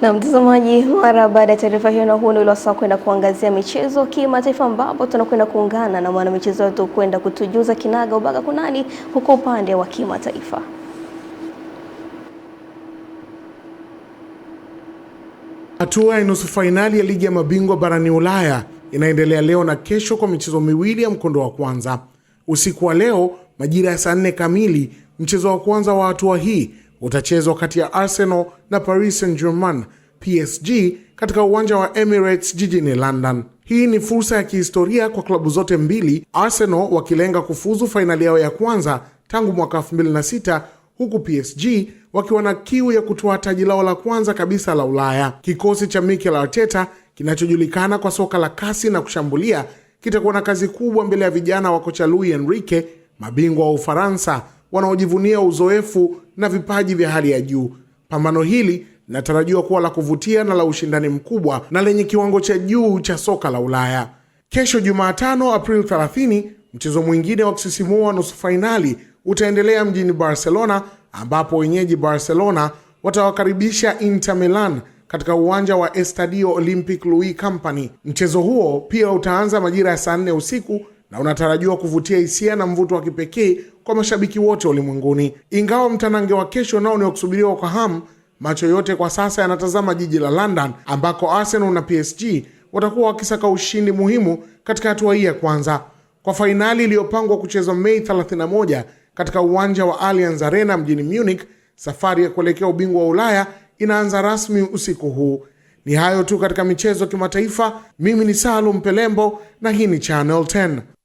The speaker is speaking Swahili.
Na mtazamaji, mara baada ya taarifa hiyo, na huo ndio wasaa kwenda kuangazia michezo kimataifa, ambapo tunakwenda kuungana na mwanamichezo wetu kwenda kutujuza kinaga ubaga kunani huko upande wa kimataifa. Hatua ya nusu fainali ya ligi ya mabingwa barani Ulaya inaendelea leo na kesho kwa michezo miwili ya mkondo wa kwanza. Usiku wa leo majira ya saa nne kamili mchezo wa kwanza wa hatua hii utachezwa kati ya Arsenal na Paris Saint-Germain PSG katika uwanja wa Emirates jijini London. Hii ni fursa ya kihistoria kwa klabu zote mbili, Arsenal wakilenga kufuzu fainali yao ya kwanza tangu mwaka 2006 huku PSG wakiwa na kiu ya kutoa taji lao la kwanza kabisa la Ulaya. Kikosi cha Mikel Arteta kinachojulikana kwa soka la kasi na kushambulia kitakuwa na kazi kubwa mbele ya vijana wa kocha Luis Enrique, mabingwa wa Ufaransa wanaojivunia uzoefu na vipaji vya hali ya juu. Pambano hili linatarajiwa kuwa la kuvutia na la ushindani mkubwa na lenye kiwango cha juu cha soka la Ulaya. Kesho Jumatano, Aprili 30, mchezo mwingine wa kusisimua nusu fainali utaendelea mjini Barcelona, ambapo wenyeji Barcelona watawakaribisha Inter Milan katika uwanja wa Estadio Olympic Louis Company. Mchezo huo pia utaanza majira ya saa nne usiku na unatarajiwa kuvutia hisia na mvuto wa kipekee kwa mashabiki wote ulimwenguni. Ingawa mtanange wa kesho nao ni wa kusubiriwa kwa hamu, macho yote kwa sasa yanatazama jiji la London ambako Arsenal na PSG watakuwa wakisaka ushindi muhimu katika hatua hii ya kwanza kwa fainali iliyopangwa kuchezwa Mei 31 katika uwanja wa Allianz Arena mjini Munich. Safari ya kuelekea ubingwa wa Ulaya inaanza rasmi usiku huu. Ni hayo tu katika michezo kimataifa. Mimi ni Salum Pelembo na hii ni Channel 10.